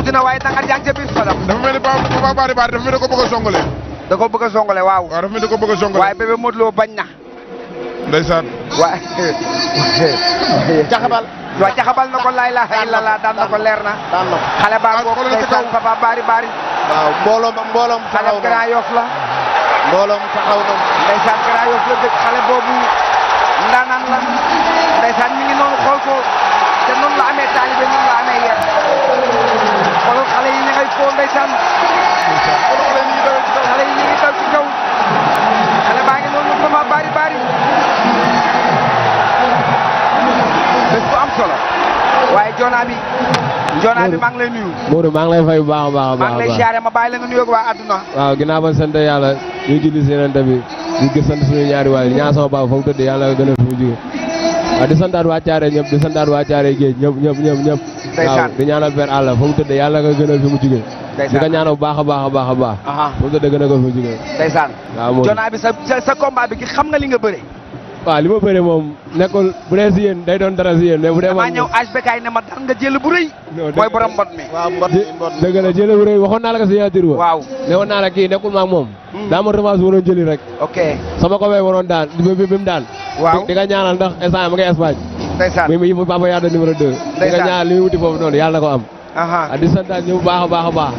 tuuti na waaye tàngaat yaa ngi ca biir Fadam. dafa mel ni Papa Bari Bari dafa ko bëgg a songale. da ko bëgg a songale waaw. waaw dafa ko bëgg a songale. waaye bébé Modou bañ na. ndeysaan. waa jaxabal. waaw jaxabal na ko laay laa illallah daan na ko leer na. daan na ko xale baa boobu ndeysaan la. ko ndeysaan ngi daw ci kaw xale waaye joonaa bi joonaa bi maa ngi lay nuyu Modou maa ngi lay fay bu baax a baax a baax maa ngi lay ma bàyyi la ba sant yàlla ñu julli seenante bi di gësant suñu ñaari waay ñaa sama baax fa mu tëdd yàlla gën a fi waaw ah, di santaat waa Thiaré ñëpp di santaat waa Thiaré géej ñëpp ñëpp ñëpp ñëpp waaw di ñaanal Père Alla fa mu tëdd yàlla nga fi mu di ko ñaanal bu baax a baax a baax a baax fa mu a ko fi mu jugee ndeysaan waaw Jona sa sa combat bi xam nga li nga bëre waaw li ma bëre moom nekkul bu dee si yéen day doon dara si yéen mais bu dee maa ñëw HBK ne ma daan nga jël bu rëy mooy borom mbot mi waaw mbot mi mbot mi dëgg la jël bu rëy waxoon naa la ko signature ba waaw ne woon naa la kii nekkul maag moom hmm. daa ma revanche waroon jëli rek ok sama ko may waroon daan di nga ñaanal ndax instant ma ngay Espagne di nga ñaanal li wuti foofu noonu yàlla na ko am a ah, di santaat ñëw baax a baax a baax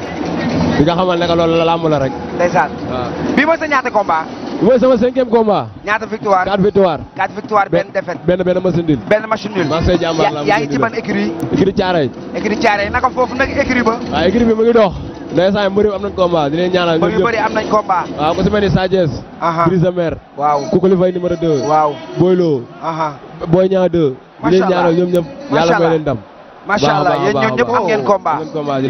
xamal ne loolu la làmb la rek ndeysaan bi bu mooy sama cinquième combat. ñaata victoire quatre victoire. quatre victoire benn défaite. benn benn machine nul. benn machine nul. maa ngi jàmbaar la yaa ngi ci ban écurie. écurie Thiaroye. écurie Thiaroye naka foofu nag écurie ba. waaw mu ngi dox. ndeysaan mbëri am nañ combat di leen ñaanal. ñoom ñëpp mbëri am nañ combat. waaw ku ñoom ñëpp may leen ndam. macha allah yéen ñoom ñëpp